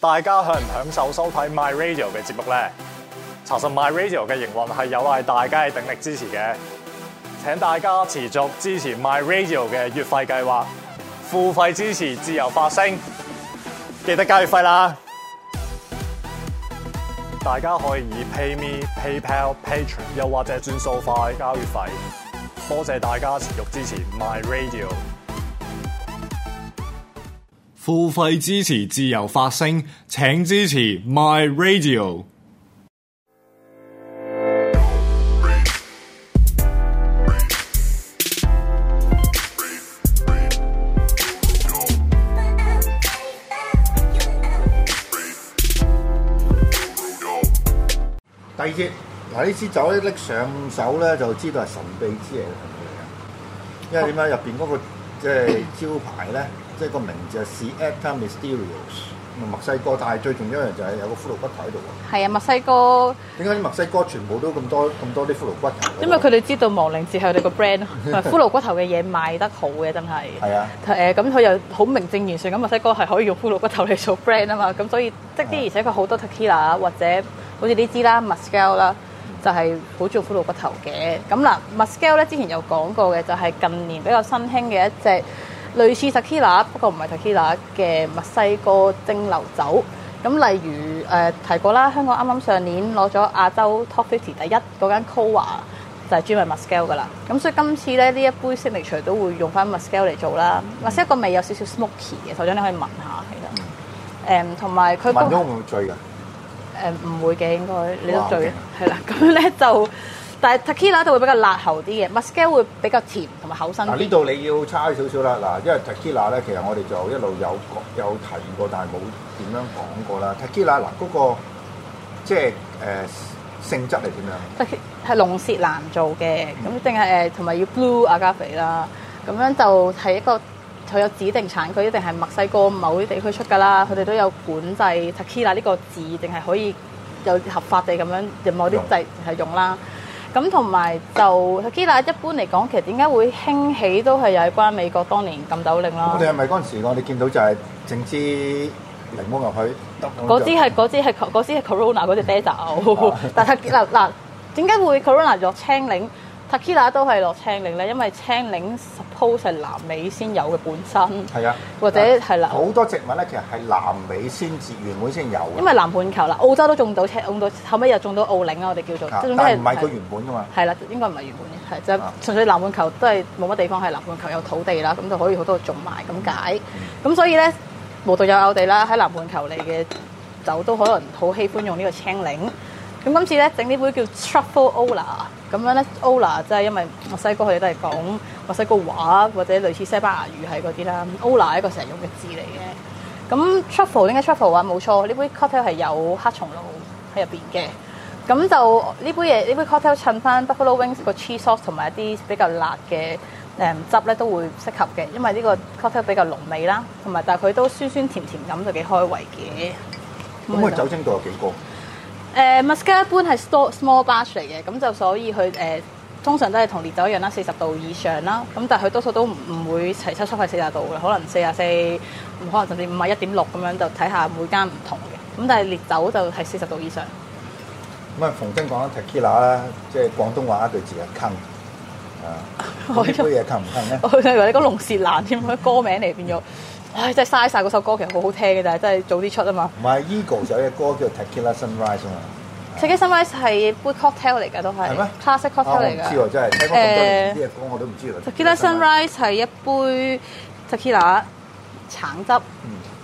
大家享唔享受收睇 My Radio 嘅節目咧？查實 My Radio 嘅營運係有賴大家嘅鼎力支持嘅，請大家持續支持 My Radio 嘅月費計劃，付費支持自由發聲，記得交月費啦！ 大家可以以 PayMe、PayPal、Patreon，又或者轉數快交月費，多謝大家持續支持 My Radio。付費支持自由發聲，請支持 My Radio。第二支，嗱呢支酒一拎上手咧，就知道係神秘之嘢嚟嘅，因為點解入邊嗰個即係招牌咧？ 即係個名字係 s i e r a Mysterious，墨西哥，但係最重要嘅就係有個骷髏骨頭喺度啊。係啊，墨西哥。點解啲墨西哥全部都咁多咁多啲骷髏骨嘅？因為佢哋知道亡靈節係佢哋個 brand，骷 髏骨頭嘅嘢賣得好嘅，真係。係啊。誒、嗯，咁、嗯、佢又好名正言順咁，墨西哥係可以用骷髏骨頭嚟做 brand 啊嘛。咁所以即啲、啊，而且佢好多 tequila 或者好似呢支啦，Mezcal e 啦，Mezcal，就係好中意骷髏骨頭嘅。咁嗱，Mezcal 咧之前有講過嘅，就係、是、近年比較新興嘅一隻。類似 Tequila 不過唔係 Tequila 嘅墨西哥蒸餾酒咁，例如誒提過啦，香港啱啱上年攞咗亞洲 Top 50第一嗰間 Coa 就係專賣 Mezcal 噶啦，咁所以今次咧呢一杯 signature 都會用翻 Mezcal 嚟做啦。Mezcal 個味有少少 smoky 嘅，台長你可以聞一下，其實誒同埋佢。聞咗會唔會醉㗎？誒唔會嘅，應該不的你都醉係啦。咁咧就。但係 t a k i l a 就會比較辣喉啲嘅，Mescal 會比較甜同埋厚身。嗱，呢度你要差少少啦。嗱，因為 t a k i l a 咧，其實我哋就一路有有提過，但係冇點樣講過啦。t a k i l a 嗱嗰個即係誒性質係點樣？Takina 係龍蝨難做嘅，咁定係誒同埋要 blue 阿加肥啦。咁樣就係一個佢有指定產區，一定係墨西哥某啲地區出㗎啦。佢哋都有管制 t a k i l a 呢個字，定係可以有合法地咁樣入某啲制係用啦。咁同埋就雞乸一般嚟講，其實點解會興起都係有關美國當年禁酒令啦。我哋係咪嗰陣時我哋見到就係整支檸檬落去？嗰支係嗰支係嗰支係 Corona 嗰隻啤酒，但係雞乸嗱點解會 Corona 落青檸？Tequila 都係落青檸咧，因為青檸 suppose 係南美先有嘅本身。係啊，或者係啦。好多植物咧，其實係南美先至原本先有的。因為南半球啦，澳洲都種到青，種到後尾又種到澳檸啦，我哋叫做。但係唔係佢原本㗎嘛？係啦，應該唔係原本嘅，係就純粹南半球都係冇乜地方係南半球有土地啦，咁就可以好多種埋咁解。咁所以咧，無獨有偶地啦，喺南半球嚟嘅酒都可能好喜歡用呢個青檸。咁今次咧整呢杯叫 Truffle Ola。咁樣咧，Ola 即係因為墨西哥佢哋都係講墨西哥話，或者類似西班牙語係嗰啲啦。Ola 係一個成日用嘅字嚟嘅。咁 truffle 點解 truffle 話？冇錯，呢杯 cocktail 係有黑松露喺入邊嘅。咁就呢杯嘢，呢杯 cocktail 襯翻 Buffalo Wings 個 cheese sauce 同埋一啲比較辣嘅誒汁咧，都會適合嘅。因為呢個 cocktail 比較濃味啦，同埋但係佢都酸酸甜甜咁，就幾開胃嘅。咁佢酒精度有幾高？誒 Mezcal 一般係 small small batch 嚟嘅，咁就所以佢誒、呃、通常都係同烈酒一樣啦，四十度以上啦，咁但係佢多數都唔會齊出出去四十度嘅，可能四十四，可能甚至五十一點六咁樣，就睇下每間唔同嘅，咁但係烈酒就係四十度以上。唔、嗯、係逢真講 tequila 啦，即係廣東話一句字係坑啊，嗰堆嘢坑唔坑咧？ 我以為你講龍舌蘭添，佢歌名嚟變咗。唉，真係嘥晒嗰首歌，其實好好聽嘅，但係真係早啲出啊嘛。唔係 Eagle 有一隻歌叫 Tequila Sunrise 嘛。Tequila Sunrise 係杯 cocktail 嚟噶都係。係咩？咖色 cocktail 嚟㗎。啊，我唔知喎，真係。誒。呢隻歌我都唔知喎。Tequila Sunrise 係一杯 tequila、橙汁，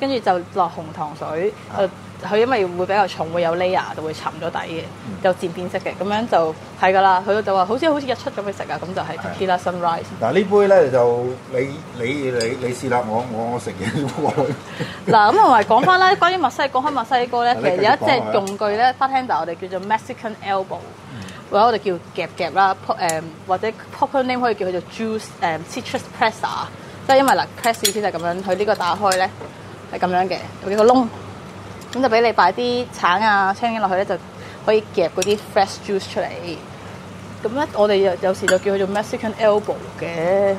跟住就落紅糖水。啊。佢因為會比較重，會有 layer 就會沉咗底嘅，又、嗯、漸變色嘅，咁樣就係噶啦。佢就話好似好似日出咁去食啊，咁就係 tequila sunrise 嗱呢杯咧，就你你你你試啦，我我我食嘢嗱，咁同埋講翻啦。關於墨西哥講返 墨西哥咧，其實 有一隻用具咧 f o u t 我哋叫做 Mexican elbow、嗯、或者我哋叫夾夾啦，誒或者 proper name 可以叫佢做 juice 誒、um, citrus presser，即係因為嗱、呃、press 意思就係咁樣，佢呢個打開咧係咁樣嘅，有幾個窿。咁就俾你擺啲橙啊、青梗落去咧，就可以夾嗰啲 fresh juice 出嚟。咁咧，我哋有有時就叫佢做 Mexican elbow 嘅。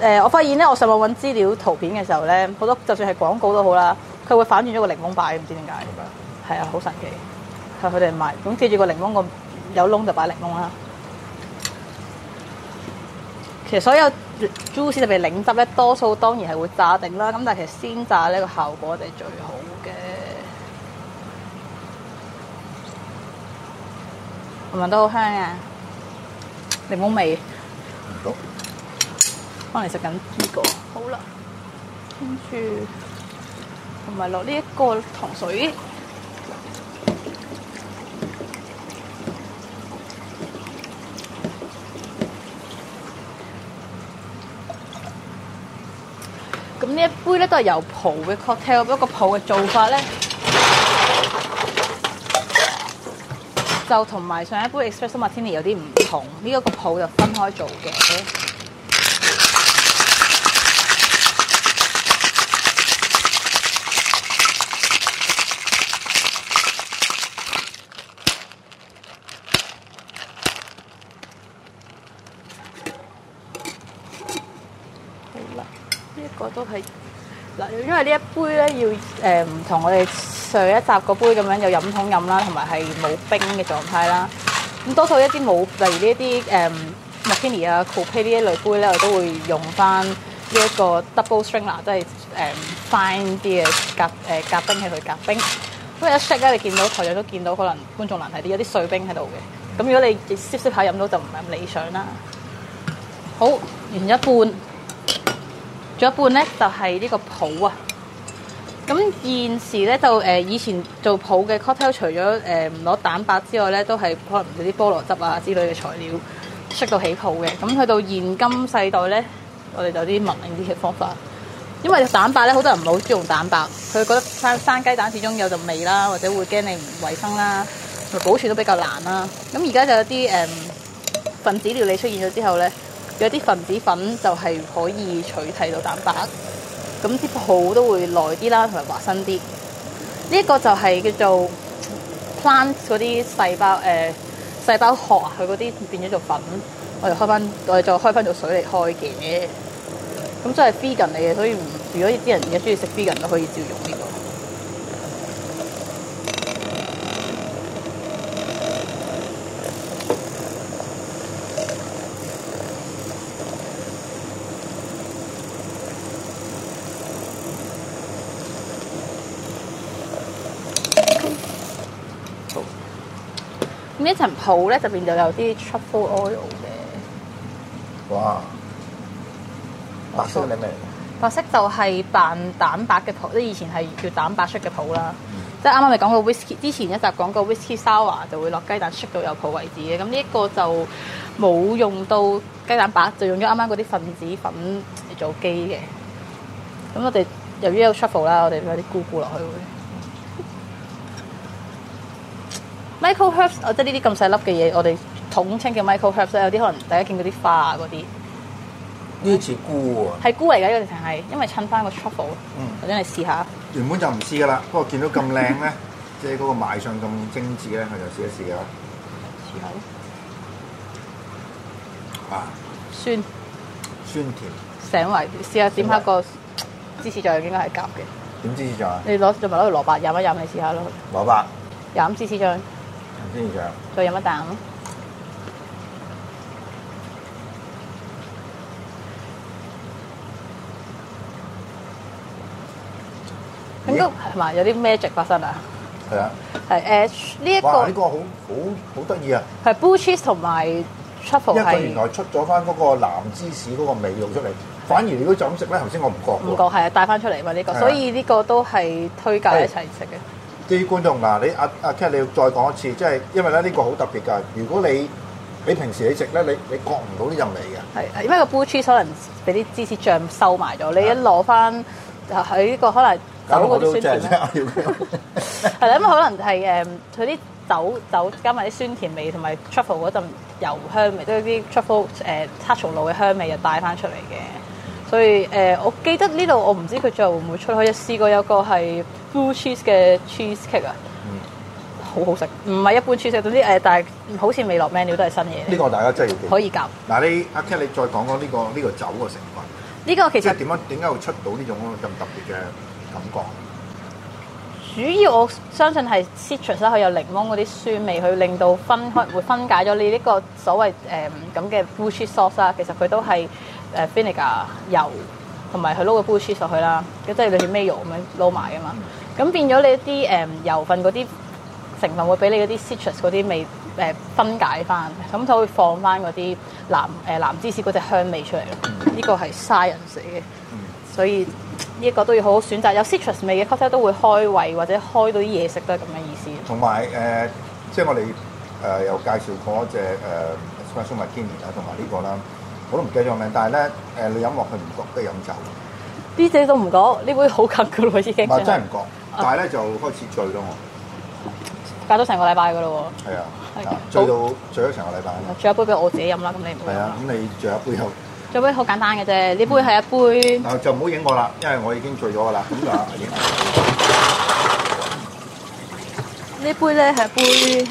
誒、呃，我發現咧，我上網揾資料圖片嘅時候咧，好多就算係廣告都好啦，佢會反轉咗個檸檬擺，唔知點解咁樣。係啊，好神奇。係佢哋買。咁記住個檸檬咁有窿就擺檸檬啦。其實所有。juice 特別檸汁咧，多數當然係會炸定啦，咁但係其實先炸呢個效果就係最好嘅，聞聞都好香啊！檸檬味，唔到，幫你食緊呢個，好啦，跟住同埋落呢一個糖水。呢都係由泡 cocktail，不過泡嘅做法咧就同埋上一杯 espresso martini 有啲唔同，呢、這、一個泡就分開做嘅。好啦，呢、這個都係。嗱，因為呢一杯咧要誒唔同我哋上一集個杯咁樣有飲筒飲啦，同埋係冇冰嘅狀態啦。咁多數一啲冇，例如呢一啲誒 martini 啊、coupe 呢一類杯咧，我都會用翻呢一個 double strainer，即係誒 fine 啲嘅隔誒隔冰去隔冰。因為一 shake 咧，你見到台友都見到可能觀眾難睇啲，有啲碎冰喺度嘅。咁如果你接接下飲到就唔係咁理想啦。好，完一半。仲有一半咧，就係、是、呢個泡啊。咁現時咧，就誒以前做泡嘅 cocktail，除咗唔攞蛋白之外咧，都係可能有啲菠蘿汁啊之類嘅材料，出到起泡嘅。咁去到現今世代咧，我哋就有啲文明啲嘅方法，因為蛋白咧，好多人唔好鍾意用蛋白，佢覺得生生雞蛋始終有陣味啦，或者會驚你唔衞生啦，同埋保存都比較難啦。咁而家就有啲誒、嗯、分子料理出現咗之後咧。有啲分子粉就係可以取替到蛋白，咁啲好都會耐啲啦，同埋滑身啲。呢、這、一個就係叫做 plant 嗰啲細胞，誒、呃、細胞殼佢嗰啲變咗做粉，我哋開翻，我哋就開翻做水嚟開嘅，咁即係 vegan 嚟嘅，所以如果啲人而家中意食 vegan 都可以照用的。呢一層泡咧，就變就有啲 truffle oil 嘅。哇！白色你咩嚟？白色就係扮蛋白嘅泡，即以前係叫蛋白出嘅泡啦。即係啱啱咪講過 whisky，之前一集講過 whisky sour 就會落雞蛋出到有泡為止嘅。咁呢一個就冇用到雞蛋白，就用咗啱啱嗰啲分子粉嚟做基嘅。咁我哋由於有 truffle 啦，我哋攞啲菇菇落去。Michael Herbs 我即係呢啲咁細粒嘅嘢，我哋統稱叫 Michael Herbs 有啲可能大家見過啲花啊嗰啲。呢似菇啊？係菇嚟㗎，嗰啲係因為襯翻個 truffle 咯。嗯。我真試一下。原本就唔試㗎啦，不過見到咁靚咧， 即係嗰個賣相咁精緻咧，我就試一試啦。試下啊。酸。酸甜。醒胃試一下點下個芝,芝士醬，應該係夾嘅。點芝士醬啊？你攞仲埋攞條蘿蔔，飲一飲你試下咯。蘿蔔。飲芝士醬。先唔知啊，佢又唔應該係嘛？有啲 magic 發生啊！係、呢個呢個、啊，係誒呢一個，呢個好好好得意啊！係 blue cheese 同埋 truffle 因為原來出咗翻嗰個藍芝士嗰個味道出嚟，反而你都就咁食咧，頭先我唔覺，唔覺係啊，帶翻出嚟嘛呢個，所以呢個都係推介一齊食嘅。啲觀眾嗱，你阿阿 Ken 你要再講一次，即係因為咧呢個好特別㗎。如果你你平時你食咧，你你覺唔到呢陣味嘅。係係，因為個 blue cheese 可能俾啲芝士醬收埋咗。你一攞翻喺呢個可能酒酸甜。搞到都正啦！係 啦，咁可能係誒佢啲酒酒加埋啲酸甜味同埋 Truffle 嗰陣油香味，都有啲 Truffle 誒黑松露嘅香味又帶翻出嚟嘅。所以誒、呃，我記得呢度，我唔知佢最後會唔會出去。去有試過有一個係 blue cheese 嘅 cheese cake 啊，好好食，唔係一般 cheese 處食。總之誒，但係好似未落 menu 都係新嘢。呢個大家真係要可以教。嗱，你阿 Ken，你再講講呢個呢、呢個酒嘅成分。呢、呢個其實點、就是、樣點解會出到呢種咁特別嘅感覺？主要我相信係 citrus 佢有檸檬嗰啲酸味，去令到分開會分解咗你呢個所謂誒咁嘅 blue cheese sauce 啊。其實佢都係。誒 vinegar 油同埋佢撈個 blue cheese 入去啦，即係類似 mayo 咁樣攞埋啊嘛，咁變咗你啲油分嗰啲成分會俾你嗰啲 citrus 嗰啲味分解翻，咁就會放翻嗰啲藍芝士嗰隻香味出嚟咯，呢個係 science 嘅，所以呢一個都要好好選擇有 citrus 味嘅 cutter 都會開胃或者開到啲嘢食，都係咁嘅意思。同埋、呃、即係我哋誒有介紹過一隻松露氈啊，同埋呢個啦。我都唔記咗個名，但係咧誒，你飲落去唔覺得飲酒？啲嘢都唔覺，呢杯好近噶啦，已經，已經。唔係真係唔覺得，但係咧、啊、就開始醉咯我。戒咗成個禮拜噶咯喎。係啊，醉到醉咗成個禮拜啦。最後一杯俾我自己飲啦，咁你唔好。係啊，咁你最後一杯又？最後一杯好簡單嘅啫，呢杯係一杯。就唔好影我啦，因為我已經醉咗噶啦。咁 就影，杯呢杯咧係一杯。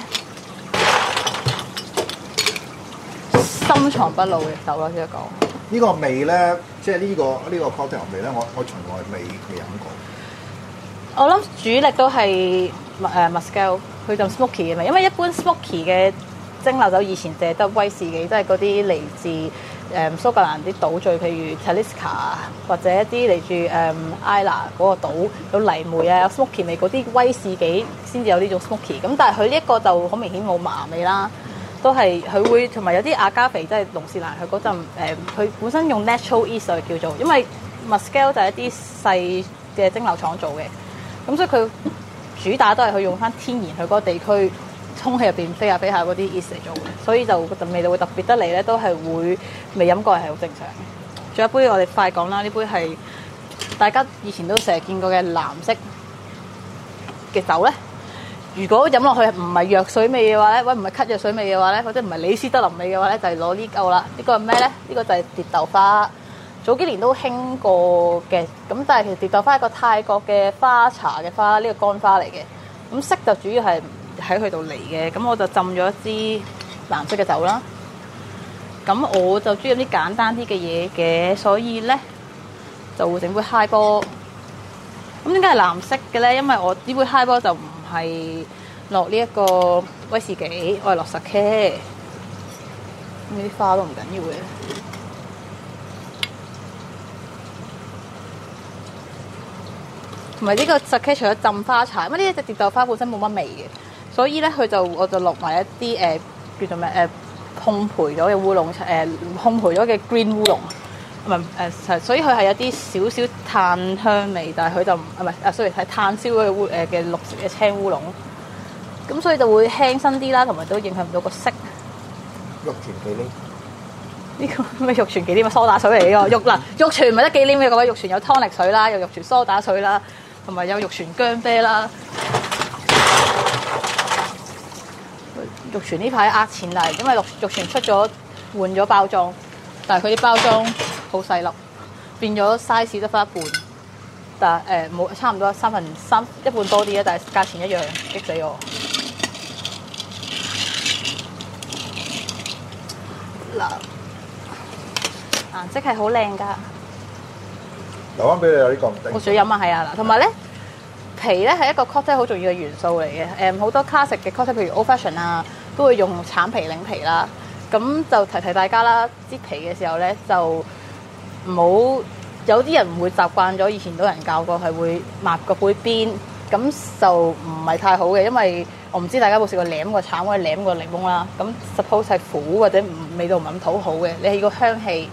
深藏不露嘅酒啦，咯，只個呢個味咧，即係呢、這個呢、這個 p o t a t 味咧，我我從來未未飲過。我諗主力都係麥 Mezcal，佢就 smoky 嘅嘛，因為一般 smoky 嘅蒸餾酒以前淨係得威士忌，即係嗰啲嚟自誒蘇格蘭啲島嶼，譬如 Talisker 或者一啲嚟住誒 Islay 嗰個島有泥煤啊，smoky 味嗰啲威士忌先至有呢種 smoky。咁但係佢呢一個就好明顯冇麻味啦。都係佢會同埋有啲阿加肥，即係龍舌蘭。佢嗰陣佢、呃、本身用 natural yeast 嚟叫做，因為 Mezcal 就係一啲細嘅蒸餾廠做嘅。咁所以佢主打都係佢用翻天然，去嗰個地區空氣入邊飛下飛下嗰啲 yeast 嚟做嘅。所以就嗰陣味道會特別得嚟咧，都係會未飲過係好正常的。仲有一杯我哋快講啦，呢杯係大家以前都成日見過嘅藍色嘅酒咧。如果飲落去唔係藥水味嘅話咧，喂唔係咳藥水味嘅話咧，或者唔係李斯德林味嘅話咧，就係攞呢嚿啦。呢個係咩咧？呢個就係蝶豆花。早幾年都興過嘅，咁但係其實蝶豆花係一個泰國嘅花茶嘅花，呢個乾花嚟嘅。咁色就主要係喺佢度嚟嘅。咁我就浸咗一支藍色嘅酒啦。咁我就中意飲啲簡單啲嘅嘢嘅，所以咧就會整杯 high 波。咁點解係藍色嘅咧？因為我呢杯 high 波就唔～係落呢一個威士忌，我係落十 k，呢啲花都唔緊要嘅，同埋呢個十 k 除咗浸花茶，咁啊呢啲蝶豆花本身冇乜味嘅，所以咧佢就我就落埋一啲誒叫做咩誒烘焙咗嘅烏龍茶誒烘焙咗嘅 green 烏龍。唔係誒，所以佢係有啲少少炭香味，但係佢就唔，唔係啊 sorry，係炭燒嘅烏誒嘅綠色嘅青烏龍。咁所以就會輕身啲啦，同埋都影響唔到個色。玉泉忌廉？呢、這個咩玉泉忌廉啊？梳打水嚟嘅喎。玉啦 玉泉唔係得忌廉嘅個喎。玉泉有湯力水啦，有玉泉梳打水啦，同埋有玉泉薑啤啦。玉泉呢排呃錢啦，因為玉玉泉出咗換咗包裝。但係佢啲包裝好細粒，變咗 size 得返一半，但係冇、欸、差唔多三分三一半多啲啊！但係價錢一樣，激死我。嗱、嗯，即係好靚㗎，留翻俾你、這個、不下有呢個唔定。我水飲啊，係啊，同埋咧皮咧係一個 cocktail 好重要嘅元素嚟嘅，誒好多 classic 嘅 cocktail 譬如 old fashion 啊，都會用橙皮檸皮啦。咁就提提大家啦，擠皮嘅時候咧就唔好，有啲人唔會習慣咗，以前都有人教過係會抹個杯邊，咁就唔係太好嘅，因為我唔知大家有冇試過舐個橙或者舐個檸檬啦。咁 suppose 係苦或者唔味道唔係咁討好嘅，你係個香氣。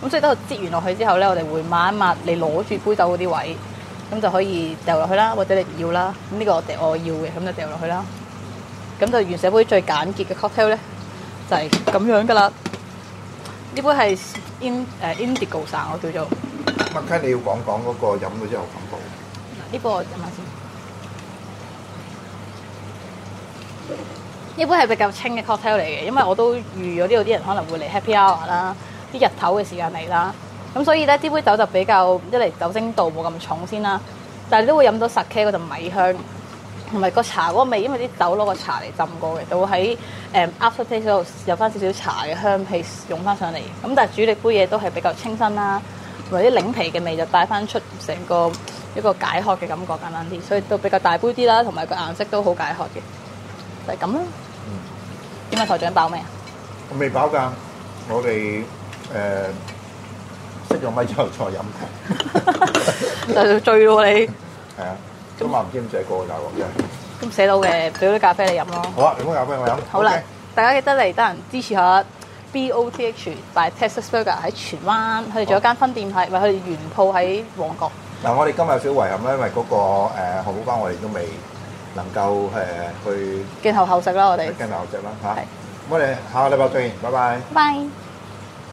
咁所以等到擠完落去之後咧，我哋會抹一抹你攞住杯酒嗰啲位，咁就可以掉落去啦，或者你唔要啦。咁呢個我哋我要嘅，咁就掉落去啦。咁就原社杯最簡潔嘅 cocktail 咧。就係、是、咁樣噶啦，呢杯係 in 誒 indigo 色，我叫做麥雞。你要講講嗰個飲咗之後感覺。呢杯我飲下先。呢杯係比較清嘅 cocktail 嚟嘅，因為我都預咗呢度啲人可能會嚟 Happy Hour 啦，啲日頭嘅時間嚟啦，咁所以咧，呢杯酒就比較一嚟酒精度冇咁重先啦，但係都會飲到 sake 嗰陣米香。同埋個茶嗰個味，因為啲豆攞個茶嚟浸過嘅，就會喺誒 after taste 度有翻少少茶嘅香氣融翻上嚟。咁但係主力杯嘢都係比較清新啦，同埋啲檸皮嘅味就帶翻出成個一個解渴嘅感覺，簡單啲，所以都比較大杯啲啦，同埋個顏色都好解渴嘅，就係咁啦。嗯，點解台長飽未啊？未飽㗎，我哋誒熄咗咪之後再飲。 就醉咯你。係 啊。咁啊，唔知點寫個茶鑊啫？咁寫到嘅，俾啲咖啡你飲咯。好啊，兩杯咖啡我飲。好啦，大家記得嚟得閒支持下 B O T H，byTexas Burger 喺荃灣，佢哋仲有間分店係，唔係佢哋原鋪喺旺角。嗱，我哋今日有少遺憾咧，因為嗰個誒漢堡包我哋都未能夠誒去鏡頭後食啦，我哋鏡頭後食啦嚇。係，我哋下個禮拜見，拜拜。Bye。